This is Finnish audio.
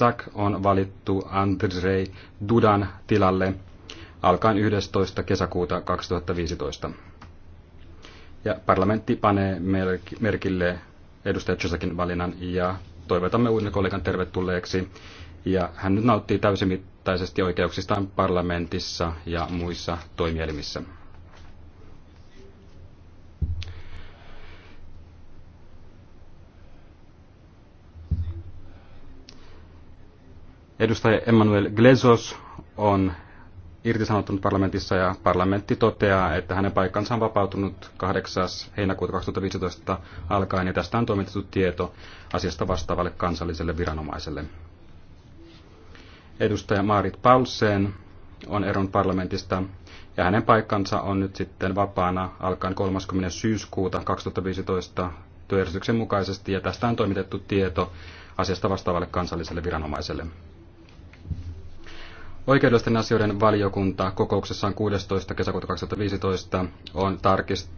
Zak on valittu Andrzej Dudan tilalle alkaen 11. kesäkuuta 2015. Ja parlamentti panee merkille edustaja Chosakin valinnan ja toivotamme uuden kollegan tervetulleeksi. Ja hän nyt nauttii täysimittaisesti oikeuksistaan parlamentissa ja muissa toimielimissä. Edustaja Emmanuel Glezos on irtisanottunut parlamentissa ja parlamentti toteaa, että hänen paikkansa on vapautunut 8. heinäkuuta 2015 alkaen ja tästä on toimitettu tieto asiasta vastaavalle kansalliselle viranomaiselle. Edustaja Maarit Paulsen on eron parlamentista ja hänen paikkansa on nyt sitten vapaana alkaen 30. syyskuuta 2015 työjärjestyksen mukaisesti ja tästä on toimitettu tieto asiasta vastaavalle kansalliselle viranomaiselle. Oikeudellisten asioiden valiokunta kokouksessaan 16. kesäkuuta 2015 on tarkistanut